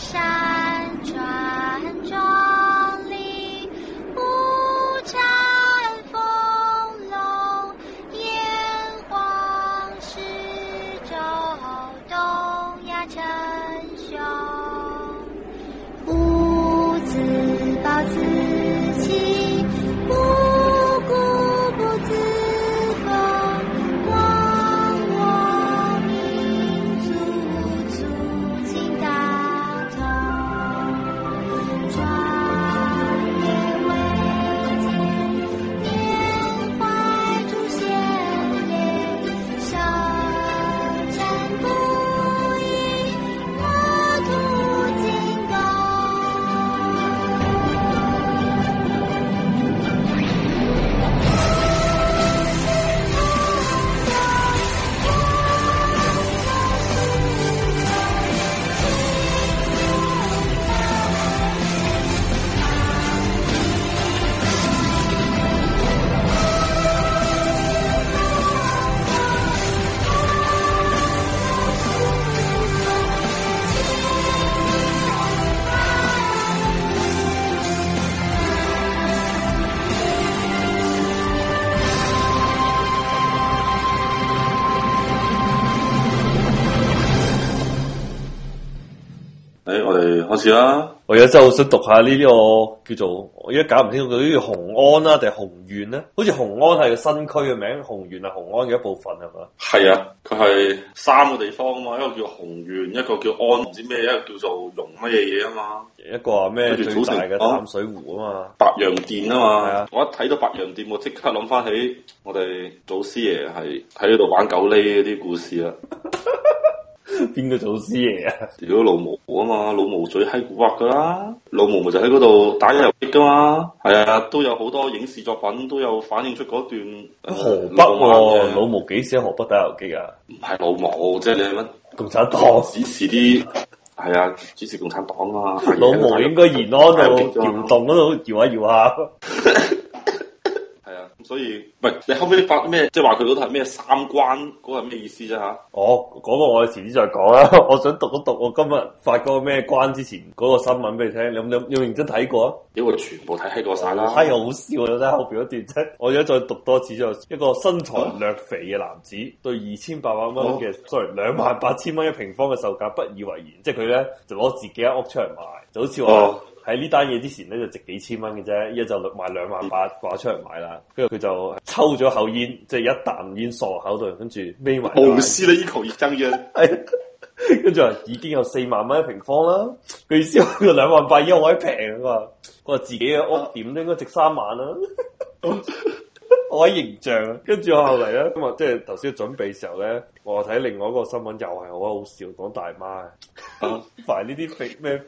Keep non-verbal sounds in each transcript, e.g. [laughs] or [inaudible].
沙。啦，我而家真係好想讀下呢、這、啲、個，個叫做，我而家搞唔清楚佢啲叫雄安啦定雄縣咧，好似雄安係個新區嘅名，雄縣係雄安嘅一部分係咪啊？係啊，佢係三個地方啊嘛，一個叫雄縣，一個叫安，唔知咩，一個叫做容乜嘢嘢啊嘛，一個話咩，好大嘅淡水湖啊嘛，啊白洋淀啊嘛，啊我一睇到白洋淀，我即刻諗翻起我哋祖師爺係喺呢度玩狗儡嗰啲故事啦。 [laughs] 邊個祖師爺啊？如果老毛啊嘛，老毛最閪古惑噶啦，老毛咪就喺嗰度打游擊噶嘛，係啊，都有好多影視作品都有反映出嗰段河、呃、北喎、啊。老毛幾時喺河北打游擊啊？唔係老毛，即、就、係、是、你乜共產黨支持啲？係啊，支持共產黨啊？嘛。 [laughs] 老毛應該延安度岩洞嗰度搖一搖啊。 [laughs] 所以，唔係你後尾發咩，即係話佢嗰套係咩三關嗰係咩意思啫吓？哦，講、那、過、個、我遲啲再講啦，我想讀一讀我今日發個咩關之前嗰個新聞俾你聽，你唔你有冇認真睇過啊？屌、欸，我全部睇睇過晒啦、哦！哎又好笑啊，真係後邊嗰段啫。我而家再讀多次。就一個身材略肥嘅男子，啊、對二千八百蚊嘅，sorry，兩萬八千蚊一平方嘅售價不以為然，即係佢咧就攞自己一屋出嚟賣，就好似我。哦喺呢單嘢之前咧就值幾千蚊嘅啫，依家就賣兩萬八掛出嚟買啦。跟住佢就抽咗口煙，即係一啖煙傻口度，跟住飛埋。紅絲咧 equal 熱增煙，係跟住話已經有四萬蚊一平方啦。佢意思話兩萬八已經好平啊嘛。我話自己嘅屋點都應該值三萬啦。 [laughs] [laughs] 我喺形象。跟住我後嚟咧，今日即係頭先準備時候咧，我睇另外一個新聞又係好好笑，講大媽啊。啊！凡呢啲肥咩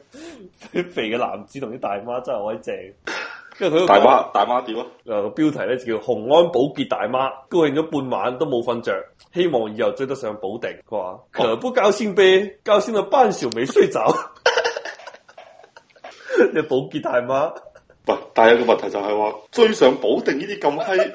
肥嘅男子同啲大媽真係好閪正，跟住佢個大媽大媽點啊？嗱個標題咧就叫《雄安保潔大媽》，高興咗半晚都冇瞓着，希望以後追得上保定。佢話：，不交先唄，交先啊！班小美衰走，你保潔大媽。唔但係有個問題就係話追上保定呢啲咁閪，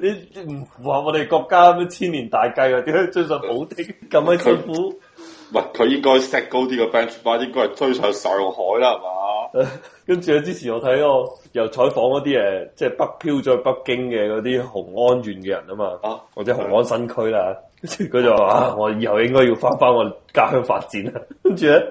你唔符合我哋國家咁千年大計啊？點解追上保定咁閪辛苦？ [laughs] 唔，佢應該 set 高啲個 benchmark，應該係追上上海啦，係嘛？ [laughs] 跟住咧之前我睇過又採訪嗰啲誒，即係北漂咗去北京嘅嗰啲雄安縣嘅人啊嘛，或者雄安新區啦，佢、啊、 [laughs] 就話、啊、我以後應該要翻翻我哋家鄉發展啦。跟住咧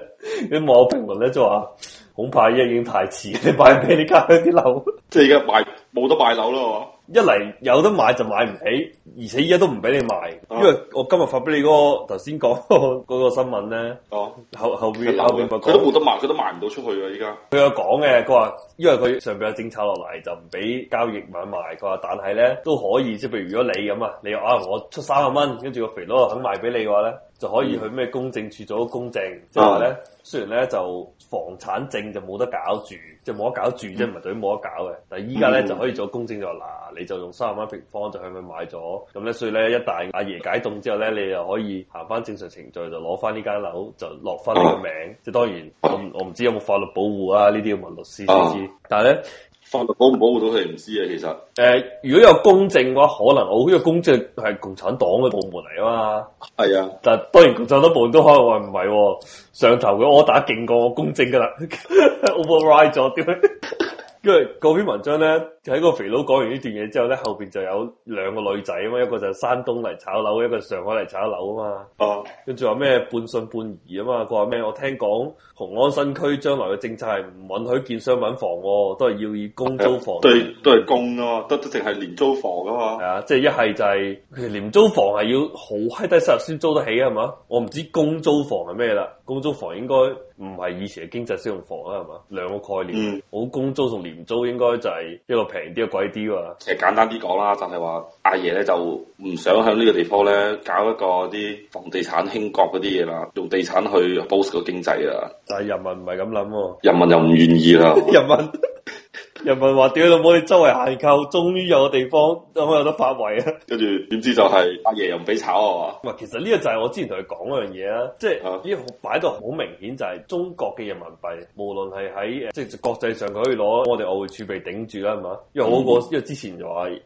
啲網友評論咧就話，恐怕已經太遲，你買咩？你家鄉啲樓，即係而家賣冇得賣樓咯，一嚟有得買就買唔起，而且依家都唔俾你賣，啊、因為我今日發俾你嗰、嗰個頭先講嗰個新聞咧、啊。後面的後邊佢都冇得賣，佢都賣唔到出去啊！依家佢有講嘅，佢話因為佢上邊有政策落嚟，就唔俾交易買賣。佢話，但係咧都可以，即係譬如如果你咁啊，你啊我出三百蚊，跟住個肥佬肯賣俾你嘅話咧。就可以去咩公證處做個公證，即係話咧，啊、雖然咧就房產證就冇得搞住，即係冇得搞住啫，唔係、嗯、對於冇得搞嘅。但係依家咧就可以做公證，就嗱，你就用三十萬平方就去買買咗，咁咧所以咧一旦阿爺解凍之後咧，你又可以行翻正常程序，就攞翻呢間樓，就落翻你個名。啊、即係當然，我我唔知有冇法律保護啊？呢啲要問律師先知。啊、但係咧。法律保唔保護到佢唔知啊，其實。誒、呃，如果有公正嘅話，可能我呢個公正係共產黨嘅部門嚟啊嘛。係啊的，但係當然共產黨部門都可能話唔係，上頭嘅柯打勁過我公正噶啦，override 咗啲咩？跟住嗰篇文章咧。喺個肥佬講完呢段嘢之後咧，後邊就有兩個女仔啊嘛，一個就係山東嚟炒樓，一個上海嚟炒樓啊嘛。哦、啊，跟住話咩半信半疑啊嘛，佢話咩我聽講雄安新區將來嘅政策係唔允許建商品房喎、啊，都係要以公租房、啊啊對。對，都係公咯、啊，都淨係廉租房噶、啊、嘛。係啊，即係一係就係、是、廉租房係要好閪低收入先租得起啊嘛。我唔知公租房係咩啦，公租房應該唔係以前嘅經濟適用房啦係嘛，兩個概念。嗯。好公租同廉租應該就係一個。平啲啊，貴啲啊，其實簡單啲講啦，就係話阿爺咧就唔想響呢個地方咧搞一個啲房地產興國嗰啲嘢啦，用地產去 boost 個經濟啊。但係人民唔係咁諗喎，人民又唔願意啦。 [laughs] 人民。 [laughs] 人民話屌老母你周圍限購，終於有個地方咁有得發圍啊！跟住點知就係阿爺又唔俾炒啊嘛！喂，其實呢個就係我之前同你講嗰樣嘢啦，即係呢擺到好明顯就係中國嘅人民幣，無論係喺即係國際上，佢可以攞我哋外匯儲備頂住啦，係嘛？因為好過，嗯、因為之前就話誒，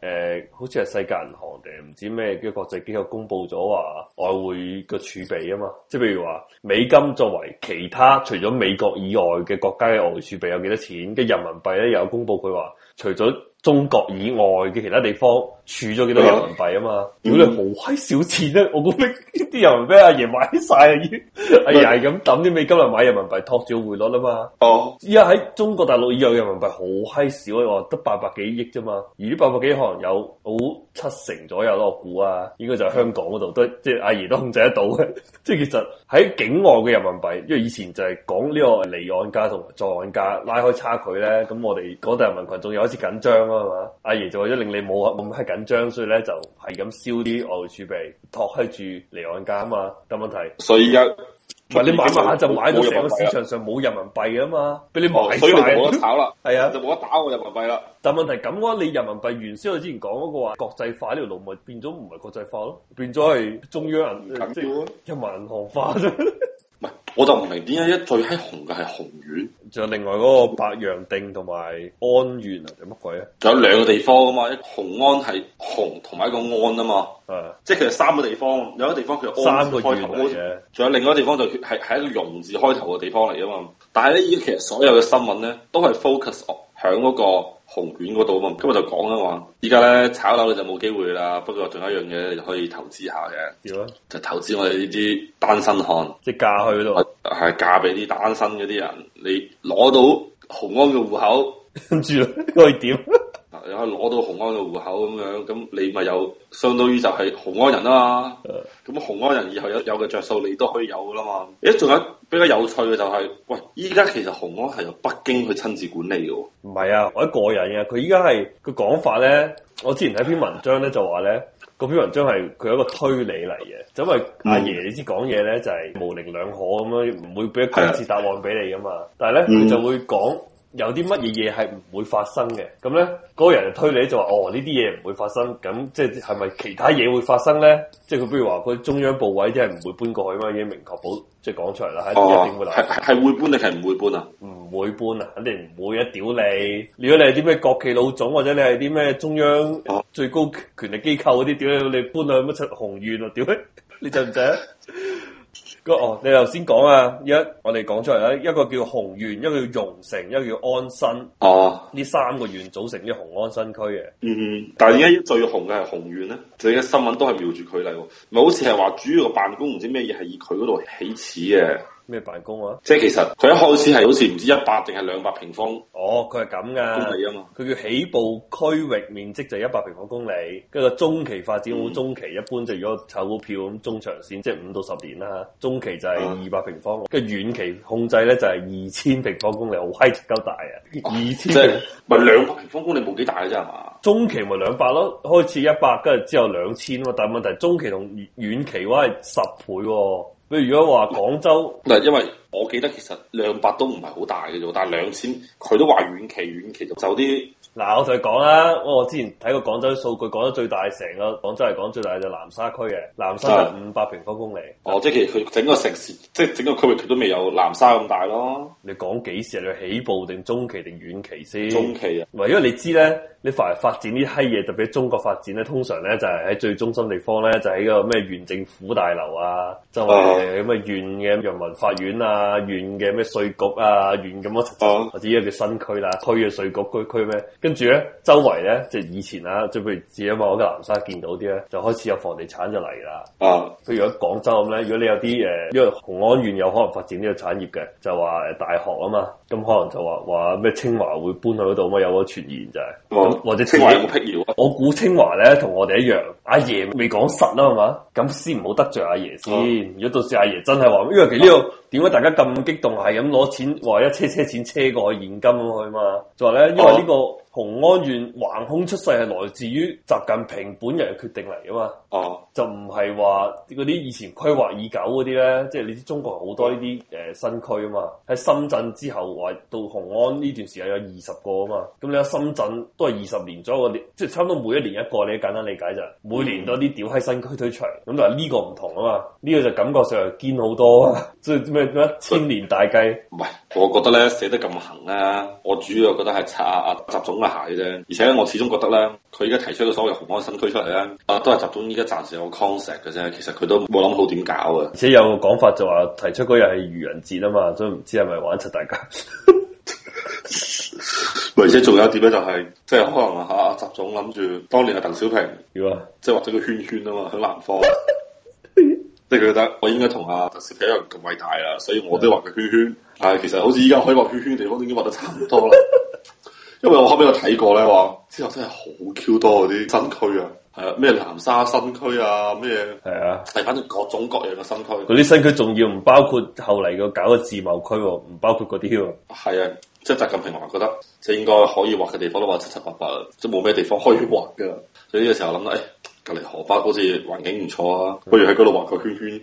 好似係世界銀行定唔知咩嘅國際機構公布咗話外匯嘅儲備啊嘛，即係譬如話美金作為其他除咗美國以外嘅國家嘅外匯儲備有幾多錢，嘅人民幣咧有公布佢話除咗。中國以外嘅其他地方儲咗幾多人民幣啊？嘛，屌你好閪少錢咧！我估啲啲人俾阿爺買晒啊！阿爺係，哎呀，咁抌啲美金嚟買人民幣托住匯率啦嘛！哦、啊，而家喺中國大陸以外，人民幣好閪少啊！話得八百幾億啫嘛，而呢八百幾可能有好七成左右囉，我估啊，應該就係香港嗰度都即係阿爺都控制得到嘅。 [laughs] 即係其實喺境外嘅人民幣，因為以前就係講呢個離岸價同埋在岸價拉開差距咧，咁我哋廣大人民群眾有啲緊張。係嘛？阿爺就為咗令你冇咁係緊張，所以咧就係咁燒啲外匯儲備托開住嚟離岸價啊嘛。咁問題，所以而家唔係你買下就買到成個市場上冇人民幣啊嘛，俾你買晒、哦，所以冇得炒啦。係啊，就冇得打我人民幣啦。但、啊、問題咁話，你人民幣原先我之前講嗰個話國際化呢條路，咪變咗唔係國際化咯，變咗係中央、啊就是、人即係人民銀行化啫。 [laughs] 唔係，我就唔明點解一最喺雄嘅係雄縣，仲有另外嗰個白洋淀同埋安源啊，有乜鬼啊？仲有兩個地方噶嘛，一雄安係雄同埋一個安啊嘛，誒、啊，即係其實三個地方，有啲地方佢安字開頭嘅仲有另外一個地方就係、是、係一個容字開頭嘅地方嚟啊嘛，但係咧而家其實所有嘅新聞咧都係 focus on。喺嗰個紅館嗰度啊嘛，今日就講啊嘛，依家咧炒樓你就冇機會啦。不過仲有一樣嘢可以投資下嘅，嗎就投資我哋呢啲單身漢，即嫁去嗰度，係嫁俾啲單身嗰啲人，你攞到雄安嘅戶口，跟住可以點？有攞到雄安嘅戶口咁樣，咁你咪有相當於就係雄安人吖嘛。咁雄的安人以後有有嘅著數，你都可以有噶啦嘛。誒、哎，仲有比較有趣嘅就係、是，喂，依家其實雄安係由北京去親自管理嘅。唔係啊，我一個人嘅、啊。佢依家係個講法咧，我之前睇篇文章咧，就話咧，個篇文章係佢有一個推理嚟嘅。因、就、為、是、阿爺、嗯，你知講嘢咧就係模棱兩可咁樣，唔會俾一個直接答案俾你噶嘛。的但係咧，佢就會講。嗯有啲乜嘢嘢係唔會發生嘅，咁咧嗰個人推理就話：哦，呢啲嘢唔會發生，咁即係咪其他嘢會發生咧？即係佢不如話，佢中央部委即係唔會搬過去嘛？已經明確保即係講出嚟啦，係一定會嚟。係會搬定係唔會搬啊？唔會搬啊，肯定唔會啊！屌你，如果你係啲咩國企老總或者你係啲咩中央最高權力機構嗰啲，屌你，搬去乜柒紅院？啊？屌你，你制唔制啊？ [laughs] 嗰哦，你頭先講啊，一我哋講出嚟咧，一個叫雄縣，一個叫容城，一個叫安新，哦，呢三個縣組成啲雄安新區嘅。嗯，但係而家最紅嘅係雄縣咧，就而家新聞都係瞄住佢嚟，咪好似係話主要嘅辦公唔知咩嘢係以佢嗰度起始嘅。咩辦公啊？即係其實佢一開始係好似唔知一百定係兩百平方。哦，佢係咁噶，公里啊嘛，佢叫起步區域面積就係一百平方公里，跟住個中期發展好，中期一般就、嗯、如果炒股票咁中長線，即係五到十年啦中期就係二百平方，跟住、啊、遠期控制咧就係二千平方公里，好閪鳩大啊！二千即係咪兩百平方公里冇幾、啊、 [laughs] 大嘅啫係嘛？中期咪兩百咯，開始一百，跟住之後兩千咯。但係問題中期同遠期嘅話係十倍。不如如果話廣州，嗱，因為我記得其實兩百都唔係好大嘅啫，但係兩千佢都話遠期、遠期就就啲。嗱，我就講啦，我之前睇過廣州啲數據，講得最大成個廣州嚟講最大，講最大就南沙區嘅，南沙係五百平方公里。哦，是哦，即係佢整個城市，即係整個區域佢都未有南沙咁大咯。你講幾時啊？你起步定中期定遠期先？中期啊。唔係，因為你知咧。你凡係發展呢啲嘢，特別中國發展咧，通常咧就係、是、喺最中心地方咧，就喺、是、個咩縣政府大樓啊，周圍咁啊縣嘅人民法院啊，縣嘅咩稅局啊，縣咁樣，啊、或者一啲新區啦，區嘅稅局區區咩？跟住咧，周圍咧，即、就、係、是、以前啊，即譬如自己嘛，我喺南沙見到啲咧，就開始有房地產就嚟啦。啊，譬如喺廣州咁咧，如果你有啲誒，因為雄安縣有可能發展呢個產業嘅，就話大學啊嘛，咁可能就話話咩清華會搬去嗰度，咁有個傳言就係、是。就或者清華有辟謠，我估清華咧同我哋一樣，阿爺未講實啊嘛，咁先唔好得罪阿爺先。好如果到時阿爺真係話，因為其實呢個點解大家咁激動，係咁攞錢話一車車錢車過去現金咁去嘛？就話咧，因為呢個。雄安縣橫空出世係來自於習近平本人嘅決定嚟噶嘛？哦、啊，就唔係話嗰啲以前規劃已久嗰啲咧，即係你知中國好多呢啲誒新區啊嘛。喺深圳之後話到雄安呢段時間有二十個啊嘛。咁你喺深圳都係二十年左右，即係差唔多每一年一個你簡單理解就，每年多啲屌喺新區推出嚟。咁但係呢個唔同啊嘛，呢個就感覺上係堅好多啊，即係咩咩千年大計。嗯我覺得咧寫得咁行咧，我主要覺得係擦阿阿習總嘅鞋啫。而且我始終覺得咧，佢而家提出咗所謂雄安新區出嚟咧，啊都係習總依家暫時有個 concept 嘅啫。其實佢都冇諗好點搞啊。而且有個講法就話提出嗰日係愚人節啊嘛，都唔知係咪玩一柒大家。 [laughs] [laughs] 而且仲有一點咧、就是，就係即係可能吓、啊、習總諗住當年阿鄧小平，如果即係畫咗個圈圈啊嘛，喺南方。 [laughs] 即係佢覺得我應該同阿特赦一樣咁偉大啦，所以我都畫個圈圈。是的 但其實好似依家可以畫圈圈嘅地方已經畫得差唔多啦， [laughs] 因為我後尾有睇過咧話，之後真係好 Q 多嗰啲新區啊，係啊，咩南沙新區啊，咩係啊，係反正各種各樣嘅新區。嗰啲新區仲要唔包括後嚟個搞個自貿區喎，唔包括嗰啲喎。係啊，即係習近平話覺得，即係應該可以畫嘅地方都畫七七八八啦，即係冇咩地方可以畫㗎。所以呢個時候諗啦，哎隔離河北好似環境唔錯啊，嗯、不如喺嗰度畫個圈圈。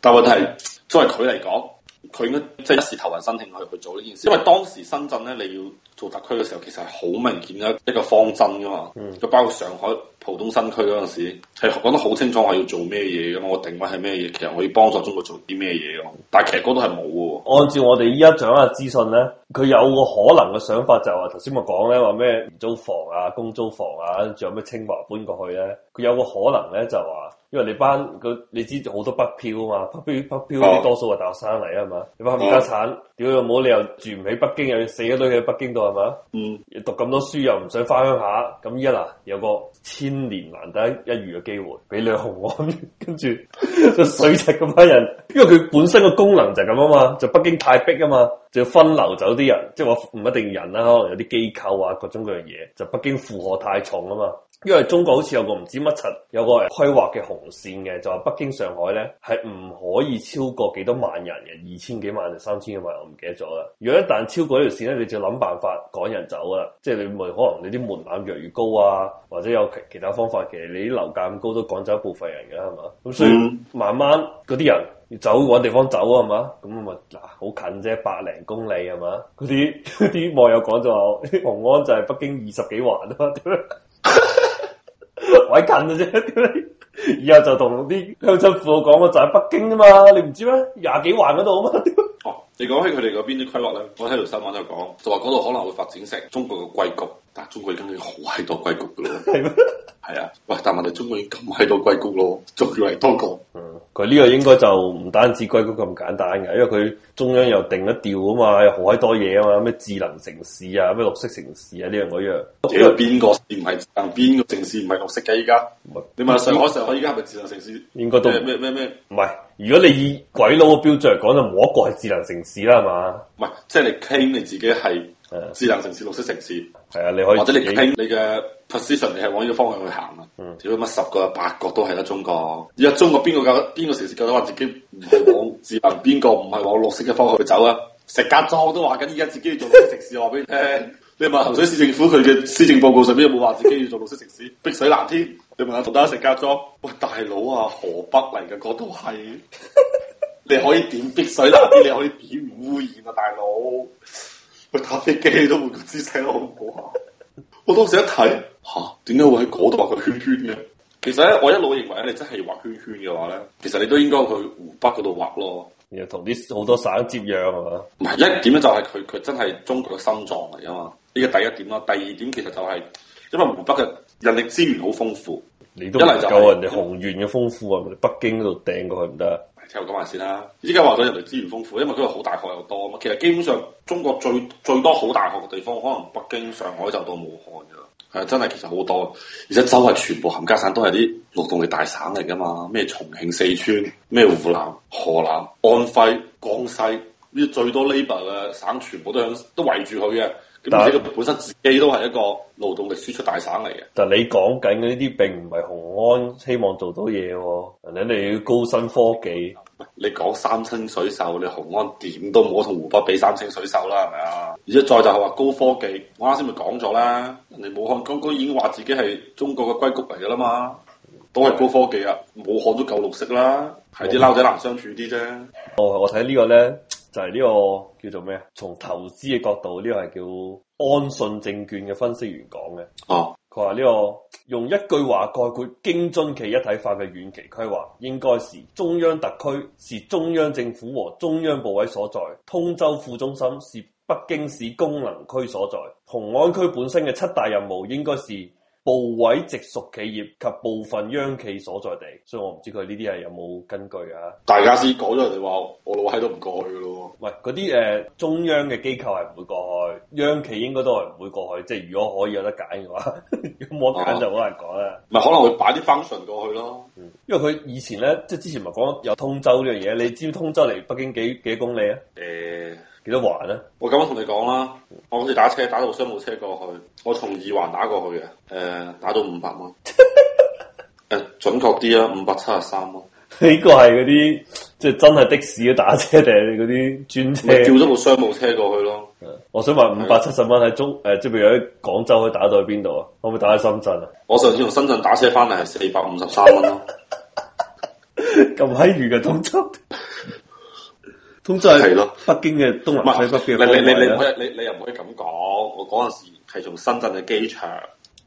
但問題係，嗯、作為佢嚟講，佢應該即係一時頭暈身興去去做呢件事，因為當時深圳咧你要做特區嘅時候，其實係好明顯一一個方針噶嘛，就、嗯、包括上海。浦東新區嗰陣時，係講得好清楚話要做咩嘢嘅，我定位係咩嘢，其實我要幫助中國做啲咩嘢嘅。但係其實嗰度係冇嘅。按照我哋依家掌握資訊咧，佢有個可能嘅想法就係話，頭先咪講咧話咩廉租房啊、公租房啊，仲有咩清華搬過去咧？佢有個可能咧就係話，因為你班佢，你知好多北漂啊嘛，北漂北漂啲多數係大學生嚟啊嘛，你話冚家產，屌有冇理由你又住唔起北京，又要死咗都喺北京度係嘛？嗯，讀咁多書又唔想翻鄉下，咁依家啊有個千。千年難得一遇嘅機會，俾你紅我， [laughs] 跟住著 [laughs] 就水就咁樣人， [laughs] 因為佢本身個功能就係咁啊嘛，就北京太逼啊嘛，就要分流走啲人，即係話唔一定人啦，可能有啲機構啊，各種各樣嘢，就北京負荷太重啊嘛。因為中國好似有個唔知乜柒，有個規劃嘅紅線嘅，就話北京上海咧係唔可以超過幾多萬人嘅，二千幾萬定三千幾萬，我唔記得咗啦。如果一旦超過呢條線咧，你就諗辦法趕人走啦。即係你咪可能你啲門檻越嚟越高啊，或者有其他方法。其實你啲樓價咁高都趕走一部分人嘅係嘛。咁所以慢慢嗰啲人要走搵地方走啊，係嘛。咁咪嗱好近啫，百零公里係嘛。嗰啲啲網友講就話，雄安就係北京二十幾環啊。 [laughs] 位近嘅啫， [laughs] 以後就同啲鄉親父老講，我就喺北京吖嘛，你唔知咩？廿幾環嗰度啊嘛。哦，你講起佢哋嗰邊啲規劃咧，我喺度新聞度講，就話嗰度可能會發展成中國嘅硅谷，但係中國已經好喺多硅谷嘅咯，係咩 [laughs] 嗎？係啊，喂，但係問題中國已經咁喺多硅谷咯，仲要係多個。佢呢個應該就唔單止歸谷咁簡單嘅，因為佢中央又定得調啊嘛，又好多嘢啊嘛，咩智能城市啊，咩綠色城市啊呢樣嗰樣。邊個城市唔係智能？邊個城市唔係綠色嘅？依家唔係，你問上海，上海依家係咪智能城市？應該都咩咩咩？唔係，如果你以鬼佬嘅標準嚟講，就冇一個係智能城市啦，係嘛？唔係，即係你傾你自己係，智能城市、綠色城市，係啊，你可以或者你傾你嘅 position，你係往呢個方向去行啊。屌乜十個八個都係啦，中國而家中國邊個嘅邊個城市嘅都話自己唔係往智能，邊個唔係往綠色嘅方向去走啊？石家莊都話緊，而家自己要做綠色城市，我話俾你聽。你問衡水市政府佢嘅施政報告上邊有冇話自己要做綠色城市？碧水藍天，你問下同德啊，石家莊喂大佬啊，河北嚟嘅個都係， [laughs] 你可以點碧水藍天？你可以點污染啊，大佬？佢打飛機都冇到知聲，好唔好？我當時一睇吓，點解會喺嗰度畫個圈圈嘅？其實咧，我一路認為咧，你真係畫圈圈嘅話咧，其實你都應該去湖北嗰度畫咯。然後同啲好多省接壤啊嘛。唔係，一點咧就係佢佢真係中國嘅心臟嚟啊嘛。呢個第一點啦，第二點其實就係、是、因為湖北嘅人力資源好豐富，你都一嚟就夠人哋鴻源嘅豐富啊，因為 北京嗰度掟過去唔得。聽我講埋先啦，依家話咗人哋資源豐富，因為佢個好大學又多啊嘛。其實基本上中國最最多好大學嘅地方，可能北京、上海就到武漢噶啦。係真係其實好多，而且周圍全部冚家省都係啲勞動力大省嚟噶嘛，咩重慶、四川、咩湖南、河南、安徽、江西呢啲最多 labour 嘅省，全部都響都圍住佢嘅。但呢佢本身自己都係一個勞動力輸出大省嚟嘅。但係你講緊嘅呢啲並唔係雄安希望做到嘢喎、啊，人哋要高新科技。你講山清水秀，你雄安點都冇得同湖北比山清水秀啦，係咪啊？而家再就係話高科技，我啱先咪講咗啦，人哋武漢剛剛已經話自己係中國嘅硅谷嚟㗎啦嘛，都係高科技啊，的武漢都夠綠色啦，係啲撈仔難相處啲啫。哦，我睇呢個咧。就係呢個叫做咩啊？從投資嘅角度，呢、這個係叫安信證券嘅分析員講嘅。哦，佢話呢個用一句話概括京津冀一體化嘅遠期規劃，應該是中央特區是中央政府和中央部委所在，通州副中心是北京市功能區所在，雄安區本身嘅七大任務應該是。部委直屬企業及部分央企所在地，所以我唔知佢呢啲係有冇根據啊？大家先講咗人哋話我老閪都唔過去噶咯。喂，嗰啲誒中央嘅機構係唔會過去，央企應該都係唔會過去。即係如果可以有得揀嘅話， [laughs] 如果冇得揀、啊、就好難講啦。咪可能會擺啲 function 過去咯。啊、因為佢以前咧，即係之前咪講有通州呢樣嘢？你知通州嚟北京幾幾公里啊？誒。幾多環咧？我咁樣同你講啦，我好似打車打到商務車過去，我從二環打過去嘅，誒、呃，打到五百蚊，誒， [laughs] 準確啲啦，五百七十三蚊。呢個係嗰啲即係真係的，的士的打車定係嗰啲專車？我叫咗部商務車過去咯。 [laughs] 我想問五百七十蚊喺中誒，即係譬如喺廣州可以打到去邊度啊？可唔可以打去深圳啊？我上次從深圳打車翻嚟係四百五十三蚊咯，咁閪遠嘅通緝。 [laughs] 咁就係咯，北京嘅東南西，是北京嚟嚟嚟嚟，你你，你，你，你又唔可以咁講，我嗰陣時係從深圳嘅機場，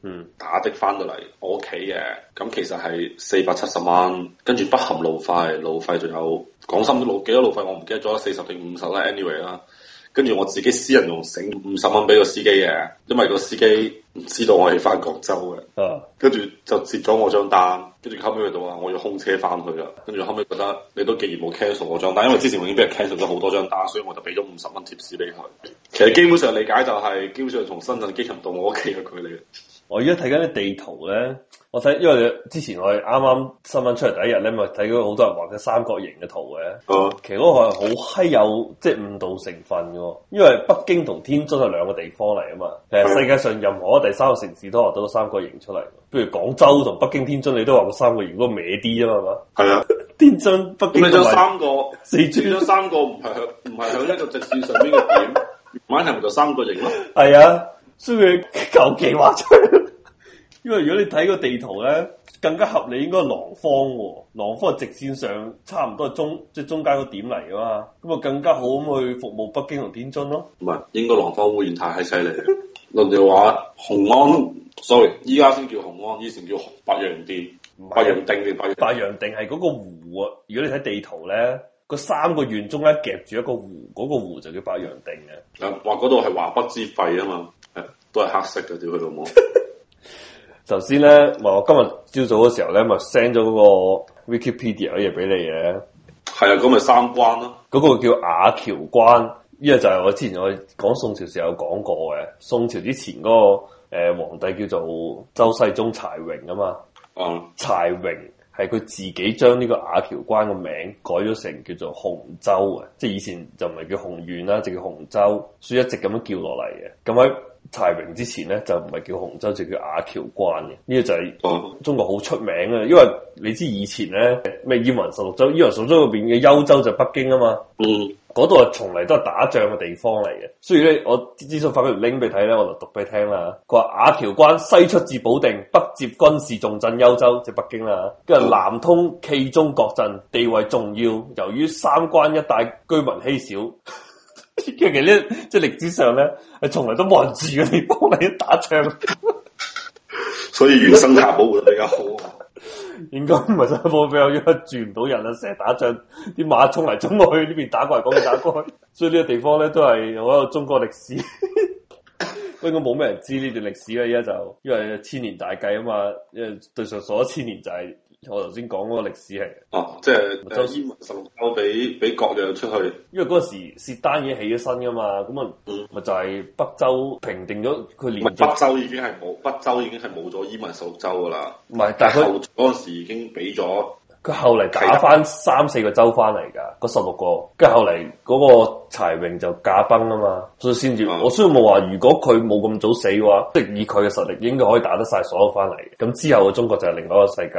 嗯，打的翻到嚟我屋企嘅，咁其實係四百七十蚊，跟住不含路費，路費仲有廣深嘅路幾多路費我唔記得咗，四十定五十咧，anyway 啦。跟住我自己私人用剩五十蚊俾個司機嘅，因為個司機唔知道我係翻廣州嘅。哦，跟住就接咗我張單，跟住後尾佢就話我要空車翻去啦。跟住後尾覺得你都既然冇 cancel 我張單，因為之前我已經俾人 cancel 咗好多張單，所以我就俾咗五十蚊貼士俾佢。其實基本上理解就係基本上從深圳機場到我屋企嘅距離。我而家睇緊啲地圖咧。我睇，因為之前我係啱啱新聞出嚟第一日咧，咪睇到好多人畫啲三角形嘅圖嘅。其實嗰個係好嗨有即係、就是、誤導成分嘅，因為北京同天津係兩個地方嚟啊嘛。其實世界上任何第三個城市都畫到三角形出嚟，譬如廣州同北京、天津，你都畫個三角形，如果歪啲啊嘛。係啊，天津、北京。你做三個，你咗三個唔係向唔係向一個直線上面嘅點，唔係就三角形咯。係啊，所以求其畫出嚟。因為如果你睇個地圖咧，更加合理應該廊坊喎，廊坊係直線上，差唔多係中即係、就是、中間個點嚟噶嘛，咁啊更加好去服務北京同天津咯。唔係，應該廊坊污染太犀利。人哋 [laughs] 話，雄安 sorry，依家先叫雄安，以前叫白洋淀」是。白洋淀定白洋淀。白洋淀係嗰個湖，如果你睇地圖咧，個三個縣中咧夾住一個湖，嗰、那個湖就叫白洋淀嘅。誒，話嗰度係華北之肺啊嘛，誒，都係黑色嘅，屌佢老母。 [laughs] 首先咧，我今日朝早嘅時候咧，咪 send 咗嗰個 Wikipedia 嘅嘢俾你嘅。係啊，咁咪三關咯。嗰個叫瓦橋關，呢個就係我之前我講宋朝時候有講過嘅。宋朝之前嗰、那個誒、呃、皇帝叫做周世宗柴榮啊嘛。哦、嗯。柴榮係佢自己將呢個瓦橋關嘅名改咗成叫做雄州啊，即係以前就唔係叫雄縣啦，就叫雄州，所以一直咁樣叫落嚟嘅。咁喺柴榮之前咧就唔係叫洪州，就叫瓦橋關嘅。呢、這個就係中國好出名啊！因為你知以前咧咩燕雲十六州，燕雲十六州嗰邊嘅幽州就北京啊嘛。嗯，嗰度啊從嚟都係打仗嘅地方嚟嘅。所以咧，我資訊發俾條拎俾你睇咧，我就讀俾你聽啦。佢話瓦橋關西出至保定，北接軍事重鎮幽州，即、就是、北京啦。跟住、嗯、南通冀中各鎮，地位重要。由於三關一帶居民稀少。其實咧，即係歷史上咧，係從來都冇人住嘅地方嚟，打仗， [laughs] 所以原生態保護比較好 [laughs] [laughs] 應該。應該唔係生活比較，因為住唔到人啦，成日打仗，啲馬衝嚟衝過去，呢邊打過嚟，嗰邊打過去，所以呢個地方咧都係好有中國歷史，不 [laughs] 應該冇咩人知呢段歷史啦。而家就因為千年大計啊嘛，因為對上所咗千年就係、是。我頭先講嗰個歷史係，哦、啊，即係北周燕雲十六州俾俾割讓出去，因為嗰時薛丹已經起咗身噶嘛，咁啊、嗯，咪就係北周平定咗佢連北周已經係冇北周已經係冇咗燕雲十六州噶啦，唔係，但係嗰時已經俾咗，佢後嚟打翻三四個州翻嚟噶，嗰十六個，跟住後嚟嗰個柴榮就駕崩啊嘛，所以先至、嗯、我雖然冇話，如果佢冇咁早死嘅話，即係以佢嘅實力，應該可以打得晒所有翻嚟，咁之後嘅中國就係另外一個世界。